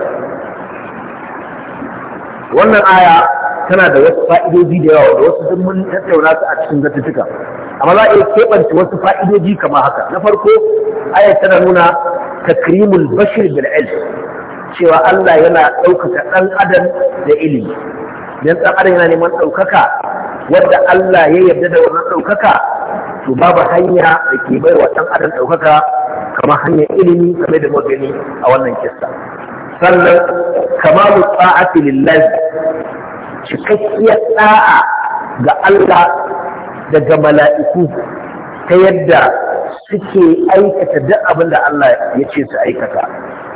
wannan aya tana da wasu fa'idoji da yawa da wasu sun mun tattauna su a cikin zattutuka amma za a iya keɓance wasu fa'idoji kamar haka na farko aya tana nuna takrimul bashir bil ilm cewa Allah yana ɗaukaka ɗan adam da ilimi idan ɗan adam yana neman ɗaukaka wanda Allah ya yarda da wannan ɗaukaka to babu hanya da ke bai wa ɗan adam ɗaukaka kamar hanyar ilimi kamar da magani a wannan kissa sannan kamalu ta'ati lillahi cikakkiyar da'a ga Allah daga mala'iku ta yadda suke aikata duk abin da Allah ya ce su aikata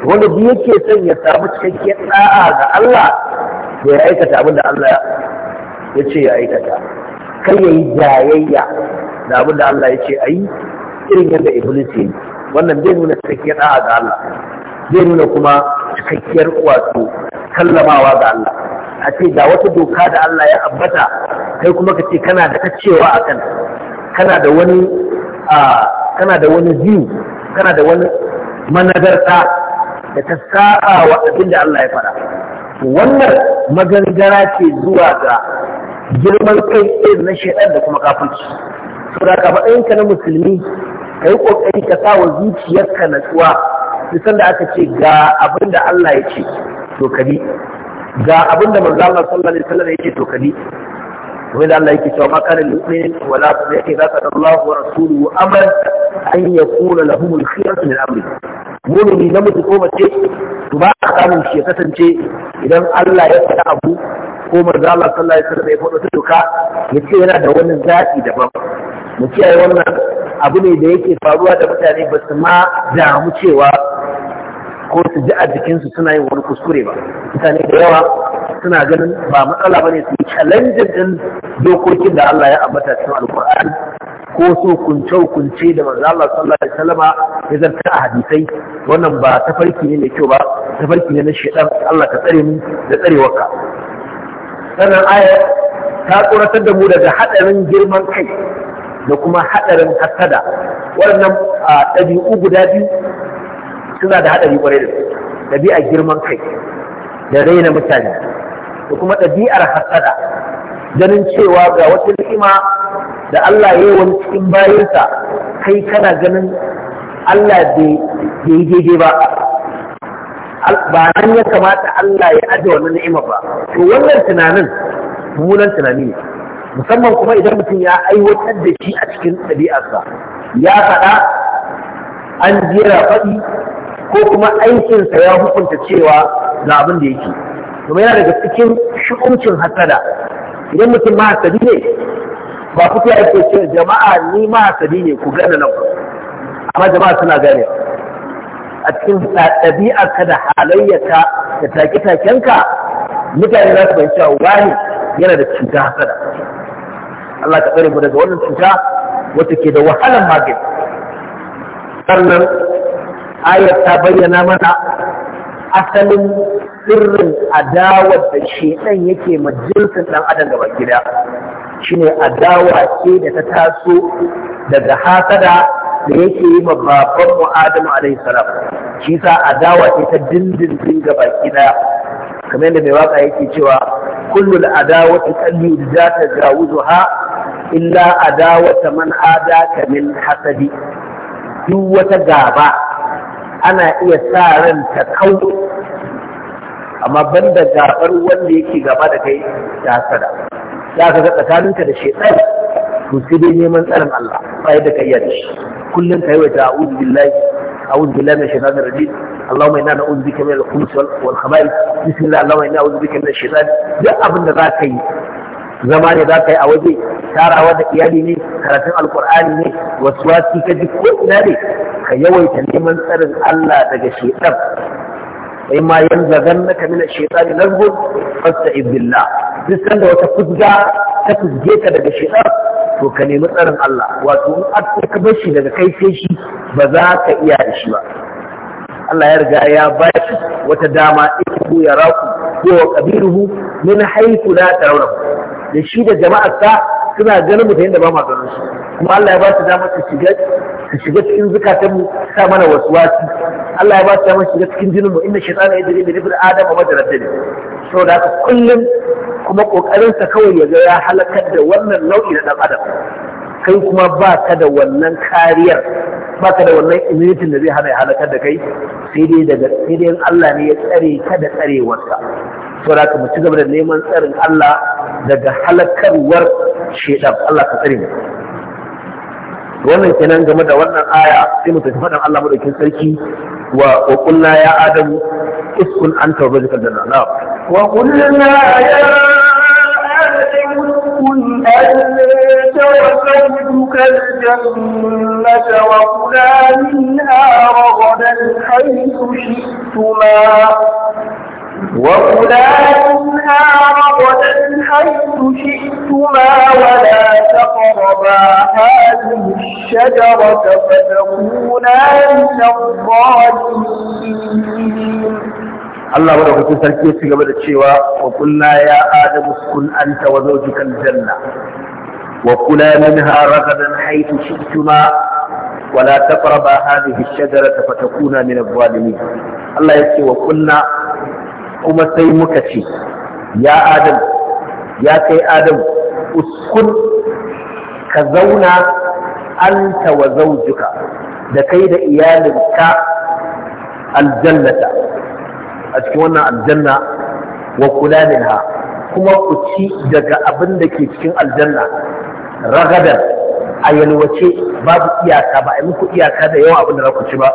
wanda duk yake son ya samu cikakken ɗa'a ga Allah da ya aikata abin da Allah ya ce ya aikata Kai ya yi jayayya da abin da Allah ya ce a yi irin yadda iblis ya yi wannan zai nuna cikakken ɗa'a ga Allah zai nuna kuma cikakkiyar wato kallamawa ga Allah a ce ga wata doka da Allah ya ambata kai kuma ka ce kana da kacewa a kan kana da wani kana da wani view kana da wani managarta da ta sa'a wa abin da Allah ya fara wannan magangara ce zuwa ga girman kai na shaidan da kuma kafirci da ka matsayinka na musulmi ka yi ƙoƙari ka sa wa zuciyarka natsuwa duk sanda aka ce ga abin da Allah ya ce to ka bi ga abinda manzo Allah sallallahu alaihi wasallam yake to Kuma wanda Allah yake cewa ma kana mu'min wala yake zaka da Allah wa rasuluhu amran an yakuna lahum al-khiyaratu min amri mu'mini na mutu ko mace to ba a samun shi ya kasance idan Allah ya faɗa abu ko manzo Allah sallallahu alaihi wasallam ya faɗa doka ya ce yana da wani zaɓi daban mu kiyaye wannan abu ne da yake faruwa da mutane ba su ma damu cewa ko su ji a jikinsu suna yin wani kuskure ba mutane da yawa suna ganin ba matsala bane su yi challenging din dokokin da Allah ya ambata cikin alkur'ani ko su kunce kunce da manzo Allah sallallahu alaihi wasallama ya zarta a hadisai wannan ba tafarki ne mai kyau ba tafarki ne na shedan Allah ka tsare mu da tsarewarka sannan aya ta tsoratar da mu daga hadarin girman kai da kuma hadarin hasada waɗannan ɗabi'u guda biyu suna da haɗari kwarai da ɗabi'ar girman kai da raina mutane da kuma ɗabi'ar hasada ganin cewa ga wata ni'ima da Allah ya yi wani cikin bayansa kai kana ganin Allah bai yi daidai ba ba nan ya kamata Allah ya aje wannan ni'ima ba to wannan tunanin mummunan tunani ne musamman kuma idan mutum ya aiwatar da shi a cikin ɗabi'arsa ya faɗa an jera faɗi ko kuma aikinsa ya hukunta cewa ga abin da yake kuma yana daga cikin shukuncin hasada idan mutum mahasadi ne ba fito yake ce jama'a ni mahasadi ne ku gane nan amma jama'a suna gane a cikin ɗabi'arka da halayyarka da take-takenka mutane za su bai cewa wani yana da cuta hasada Allah ka tsare mu daga wannan cuta wata ke da wahalar magani sannan ayat ta bayyana mana asalin sirrin adawar da shedan yake ma jinsin dan adam gaba gida shine adawa ce da ta taso daga hasada da yake yi ma baban mu Adamu alayhi salam shi sa adawa ce ta dindindin gaba gida kamar yadda mai waka yake cewa kullul adawati qalbi da ta gawuzuha illa adawata man adaka min hasadi duk wata gaba ana iya sa ran ta kau amma ban da gabar wanda yake gaba da kai ta hasada za ka ga ka da shaitan to sai dai neman tsarin Allah ba da kai yadda shi kullum ka yawaita a'udhu billahi a'udhu billahi minash shaitanir rajim Allahumma inna na'udhu bika min al-khubuth wal khaba'ith bismillah Allahumma inna a'udhu bika minash shaitan duk abin da za ka yi zama ne za ka yi a waje tarawa da iyali ne karatun alkur'ani ne wasu wasu ka ji ko ina ne ka yawaita neman tsarin Allah daga shaitan sai ma yan zagan naka mina shaitani nazgun fasta ibillah duk sanda wata fusga ta fusge ka daga shaitan to ka nemi tsarin Allah wato in a ka bar shi daga kai sai shi ba za ka iya da shi ba Allah ya riga ya ba shi wata dama in ya raku ko kabiruhu min haythu la tarawnahu da shi da jama'arsa suna ganin mu ta yadda ba ma ganin su kuma Allah ya ba su damar su shiga su shiga cikin zukatan mu sa mana wasu. Allah ya ba su damar shiga cikin jinin mu inna shaytana yajri bi ibn adam wa madrasati saboda haka kullum kuma kokarin sa kawai ya ga ya halakar da wannan nau'i na dan adam kai kuma ba ka da wannan kariyar ba ka da wannan immunity da zai hana ya halakar da kai sai dai daga sai dai Allah ne ya tsare ka da tsarewarsa saboda haka mu ci gaba da neman tsarin Allah daga halakarwar shedan Allah ka tsare mu wannan kenan game da wannan aya sai mu tafi faɗin Allah madaukin sarki wa qulna ya adamu iskun anta wa zawjuka janna na wa qulna ya adamu kun anta wa zawjuka janna wa kula minha ragadan haythu shi'tuma وقلا إنها رغدا حيث شئتما ولا تقربا هذه الشجرة فتكونا من الظالمين Allah wa rahutun sarki ya ci gaba da cewa wa kulla ya adam kun anta wa zawjika aljanna wa kula minha ragadan haythu shi'tuma wa la taqrabu hadhihi ash-shajarata fatakuna min adh-dhalimin Allah ya ce wa kuma sai muka ce ya adam ya kai adam uskun ka zauna anta wa zaujuka da kai da iyalinka aljannata a cikin wannan aljanna wa kula minha kuma ku ci daga abin da ke cikin aljanna ragadar a yalwace babu iyaka ba a muku iyaka da yawa abin da za ku ci ba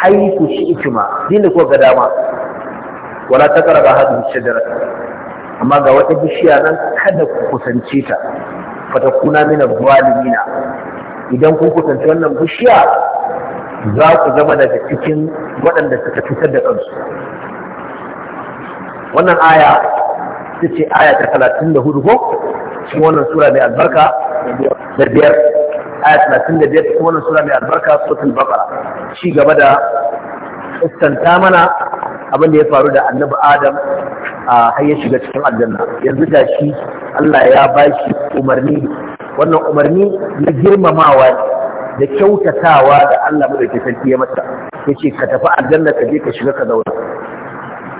haiku shi ikima dina ko ga dama wala taqrabu hadhihi shajarata amma ga wata bishiya nan kada ku kusance ta fatakuna min zalimina idan kun kusance wannan bishiya za ku zama daga cikin waɗanda suka cutar da kansu wannan aya ita ce aya ta talatin da hudu ko cikin wannan sura mai albarka da biyar aya talatin da biyar cikin wannan sura mai albarka suratul baqara ci gaba da istanta mana abin da ya faru da annabi adam a har ya shiga cikin aljanna yanzu da shi Allah ya ba shi umarni wannan umarni na girmamawa da kyautatawa da Allah mai ke sarki ya mata ka tafi aljanna ka je ka shiga ka zauna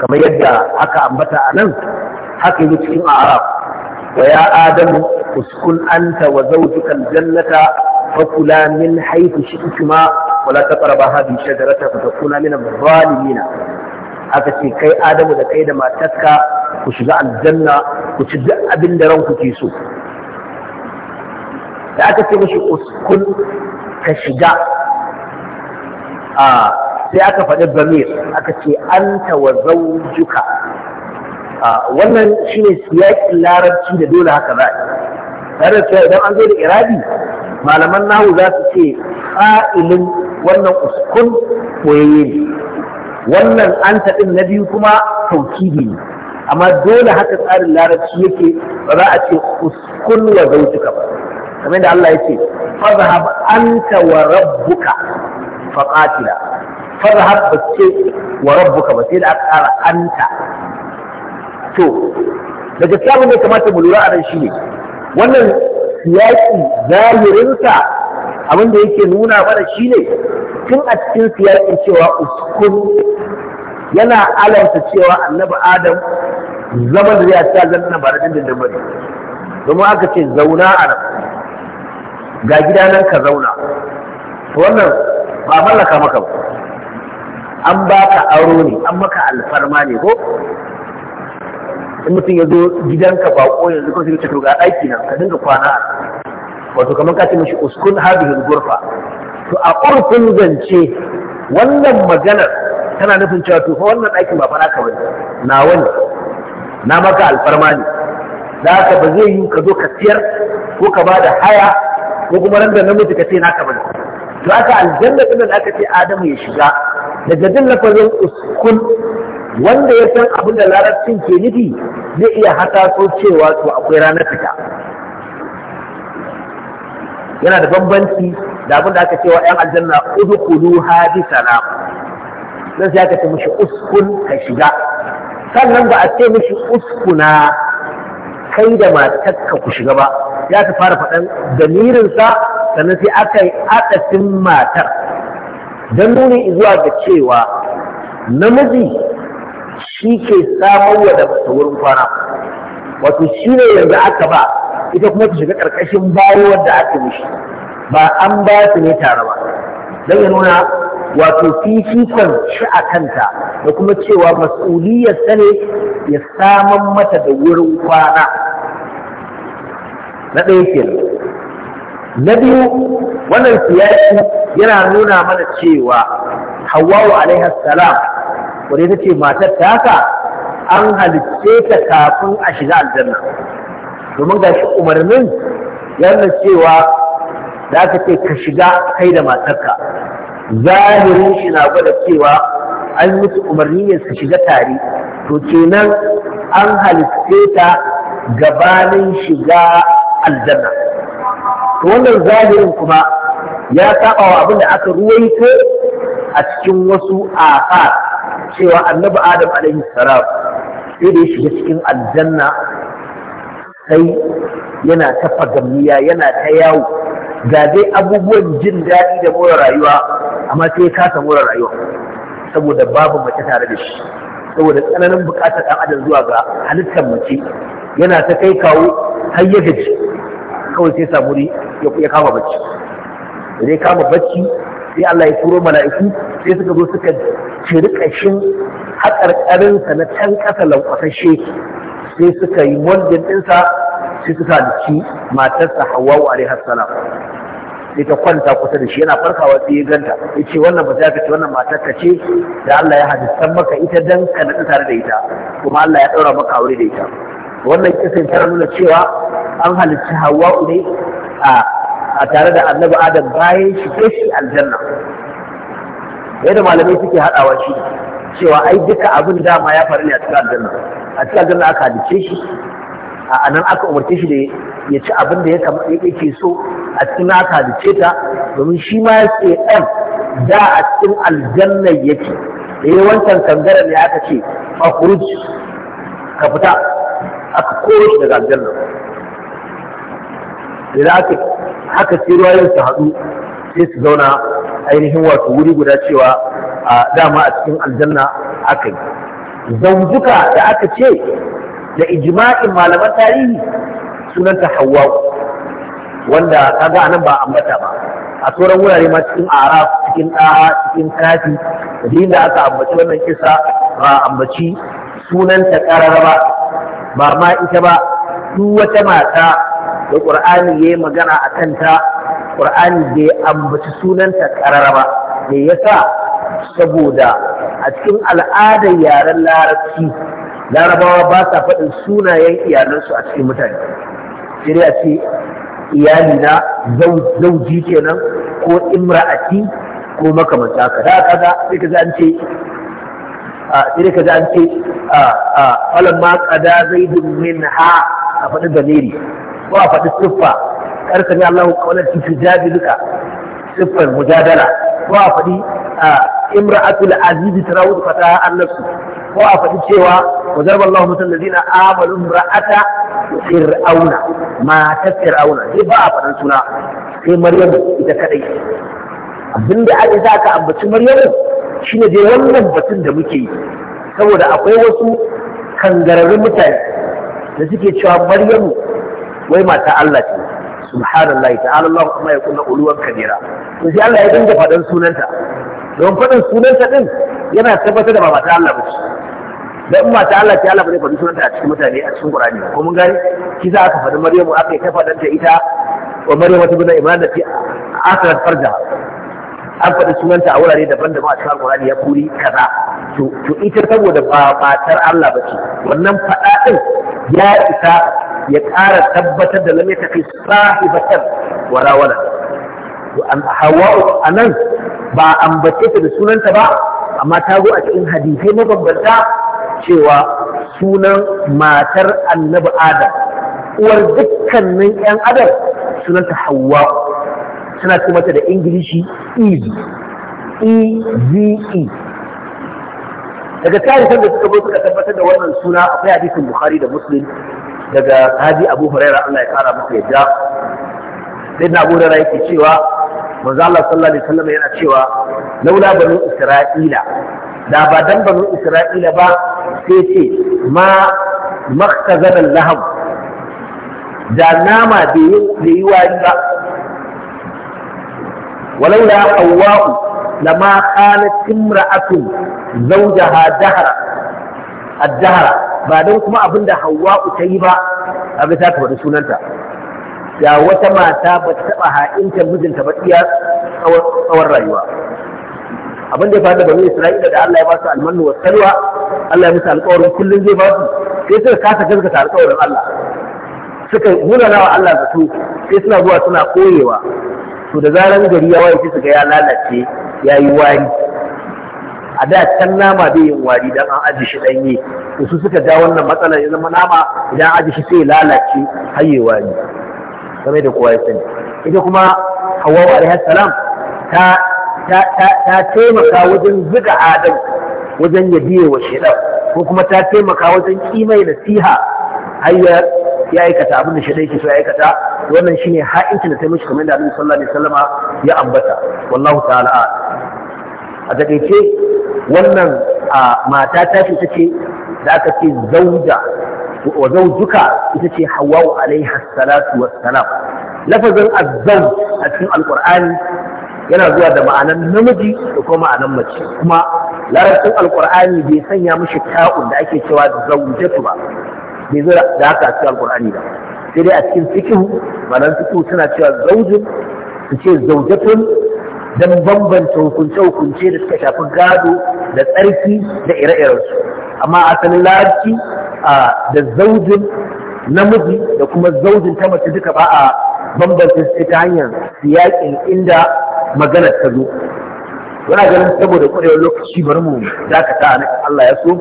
kamar yadda aka ambata a nan haka yi cikin arab wa ya adamu uskun anta wa zawjuka aljannata kula min haythu shi'tuma wala taqrabu hadhihi shajarata fatakuna min adh-dhalimin aka ce kai adamu da kai da matarka ku shiga aljanna ku ci duk abin da ranku ke so da aka ce mashi uskun ka shiga a sai aka faɗi bamir aka ce an wa zaujuka wannan shine siyakin larabci da dole haka za a tare da idan an zo da iradi, malaman nahu za su ce fa'ilin wannan uskun koyayye ne wannan an taɗin na biyu kuma taukidi ne amma dole haka tsarin larabci yake ba za a ce uskun wa zautuka ba kamar da Allah ya ce fazahab anta wa rabbuka faqatila fazahab ba ce wa rabbuka ba sai da aka ƙara anta to daga samun da kamata mu lura a nan shi ne, wannan siyaki zahirinsa abin da yake nuna mana shi ne tun a cikin siyaƙin cewa uskun yana alamta cewa annabi adam zama da zai ta zanna ba da dambari domin aka ce zauna a nan ga gida nan ka zauna to wannan ba mallaka maka ba an baka aro ne an maka alfarma ne ko in mutum ya zo gidanka ba ko yanzu kuma sai ka ga aiki nan ka dinga kwana a wato kamar ka ce mishi uskun hadhihi al-ghurfa to a urfin zance wannan maganar tana nufin cewa to fa wannan ɗakin ba fa naka bane na wani na maka alfarma ne za ka ba zai yi ka zo ka siyar ko ka bada haya ko kuma randa na namiji ka ce naka bane to aka aljanna din da aka ce Adamu ya shiga daga din lafazin uskun wanda ya san abin da larabcin ke nufi zai iya so cewa to akwai ranar fita yana da bambanci da abin da aka cewa 'yan aljanna udkhulu hadisana nan sai aka ce mishi uskun ka shiga sannan ba a ce mishi uskuna kai da matarka ku shiga ba ya ta fara faɗan damirinsa sannan sai aka yi aɗafin matar don nuni zuwa ga cewa namiji shi ke samun wa da wurin kwana wato shi ne yanzu aka ba ita kuma ta shiga ƙarƙashin bayowar da aka mishi ba an ba su ne tare ba don ya nuna wato fifikon shi a kanta da kuma cewa mas'uliyar ta ne ya saman mata da wurin kwana na ɗaya ke na biyu wannan siyasi yana nuna mana cewa hawawu alaihi salam wadda ta ce matar ta haka an halitce ta kafin a shiga aljanna domin ga shi umarnin yana cewa da aka ce ka shiga kai da matarka zahirin shi na gwada cewa an musu umarni ya su shiga tare to kenan an halitta ta gabanin shiga aljanna to wannan zahirin kuma ya saba wa abin da aka ruwaito a cikin wasu aka cewa annabi adam alaihi salam sai da ya shiga cikin aljanna sai yana ta fagamniya yana ta yawo ga dai abubuwan jin daɗi da more rayuwa amma sai ya kasa more rayuwa saboda babu mace tare da shi saboda tsananin buƙatar ɗan adam zuwa ga halittar mace yana ta kai kawo har ya gaji kawai sai samuri ya kama bacci da ya kama bacci sai Allah ya turo mala'iku sai suka zo suka ciri ƙashin haƙarƙarinsa na can ƙasa lankwasashe sai suka yi moldin ɗinsa sai suka halicci matarsa wa alaihi salam sai ta kwanta kusa da shi yana farkawa sai ya ganta ya ce wannan ba za ka ce wannan matar ka ce da Allah ya hadisan maka ita dan ka naɗi tare da ita kuma Allah ya ɗaura maka aure da ita wannan kisan ta nuna cewa an halicci Hawwa'u ne a tare da Annabi Adam bayan shige shi aljanna yadda malamai suke haɗawa shi cewa ai duka abin dama ya faru ne a cikin aljanna a cikin aljanna aka halicce shi a nan aka umarce shi da ya ci abin da ya yake so a cikin aka halice ta domin shi ma yake ɗan da a cikin aljanna yake da eh, yi wancan kangara ne aka ce a kuruci ka fita aka koro shi daga aljanna idan aka haka sai ruwayen su haɗu sai su zauna ainihin wato wuri guda cewa a dama a cikin aljanna aka yi zaujuka da aka ce da ijma'in malaman tarihi sunanta Hauwa. wanda kaga anan ba ambata ba a sauran wurare ma cikin araf cikin ɗa'a, cikin kafi da aka ambaci wannan kisa ba ambaci sunanta ƙarara ba ba ma ita ba duk wata mata da ƙur'ani ya yi magana a kanta ƙur'ani bai ambaci sunanta ƙarara ba me yasa saboda a cikin al'adar yaren larabci larabawa ba sa faɗin sunayen iyalansu a cikin mutane sai a ce iyalina zauji kenan ko imra'ati ko makamanta haka da kaga sai kaza an ce a sai kaza an ce a a falamma qada zaidun minha a faɗi dalili ko a faɗi siffa kar sami Allahu qawlan tijadiluka siffar mujadala ko a faɗi imra'atul azizi tarawud fataha an-nafs ko a faɗi cewa wa zarballahu mutum da zina amalin ra'ata fir'auna matar fir'auna sai ba a faɗin suna sai maryamu ita kaɗai abinda ake sa ka ambaci maryamu shine dai wannan batun da muke yi saboda akwai wasu kangararrun mutane da suke cewa maryamu wai mata Allah ce subhanallah ta'ala Allah kuma ya kunna uluwan kabira to sai Allah ya dinga faɗan sunanta don faɗin sunanta din yana tabbatar da ba mata Allah ba da in Allah ce Allah ba faɗi sunanta a cikin mutane a cikin Qur'ani ko mun gani kisa aka faɗi Maryamu aka yi ta ita wa Maryamu ta bin Imran da asirat farja an faɗi sunanta a wurare daban-daban a cikin Qur'ani ya kuri kaza to ita saboda ba Allah ba ce wannan faɗa din ya isa ya ƙara tabbatar da lamai ta kai sahibatan warawalan to an hawa anan ba ambace ta da sunanta ba amma ta zo a cikin hadisai mabambanta cewa sunan matar annabi adam uwar dukkanin yan adam sunanta hawa suna ce mata da ingilishi eve eve e. daga tarihin da suka zo suka tabbatar da wannan suna akwai hadisin bukhari da muslim daga hadi abu huraira allah ya kara masa yadda sai na abu yake cewa manzo Allah sallallahu alaihi wasallam yana cewa laula banu isra'ila da ba dan banu isra'ila ba sai ce ma maktazana lahab da nama bai yi wari ba walaula hawwa'u lama qalat imra'atun zawjaha dahara ad-dahara ba dan kuma abinda Hauwa'u ta yi ba a bisa ta sunanta ya wata mata ba ta taɓa ha'inta mijinta ba iya tsawon rayuwa abin da ya faru da bani isra'ila da Allah ya ba su almanu wa salwa Allah ya musu alƙawarin kullum zai ba su sai suka kasa gaskata alƙawarin Allah suka nuna nawa Allah su sai suna zuwa suna koyewa to da zaran gari ya waye su ga ya lalace ya yi wari a da can nama bai yin wari dan an aji shi danye to su suka ja wannan matsalar ya zama nama idan aji shi sai lalace har yi wari kamar da kowa ya sani ita kuma Hauwa alaihi salam ta ta taimaka wajen zuga adam wajen ya biye wa shaidan ko kuma ta taimaka wajen kimai nasiha hayyar ya aikata abin da shaidan yake so ya aikata wannan shine ha'inta da ta mishi kamar da Annabi sallallahu alaihi wasallama ya ambata wallahu ta'ala a takaice wannan mata ta ce take da aka ce zauja wa duka ita ce hawwa alaiha salatu wassalam lafazin azzam a cikin alqur'ani yana zuwa da ma'anan namiji da kuma ma'anan mace kuma larabcin alkur'ani bai sanya mishi ta'un da ake cewa zawjatu ba bai zo da haka a cikin alqur'ani ba sai dai a cikin fikihu ma'anan fikihu tana cewa zaujin su ce zaujatun don bambanta hukunce-hukunce da suka shafi gado da tsarki da ire-irensu amma asalin larabci da zaujin namiji da kuma zaujin ta mace duka ba a bambanta su ta hanyar siyakin inda magana ta zo Wani ganin saboda kwarewar lokaci bari mu dakata na Allah ya so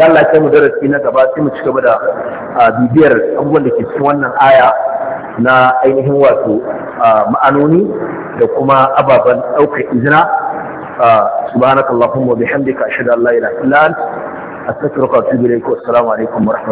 ya Allah ya mu darasi na gaba sai mu ci gaba da bibiyar abubuwan da ke cikin wannan aya na ainihin wato ma'anoni da kuma ababen ɗaukar izina subhanakallahumma wa bihamdika ashhadu an la ilaha illa anta astaghfiruka wa atubu ilayk wa assalamu alaikum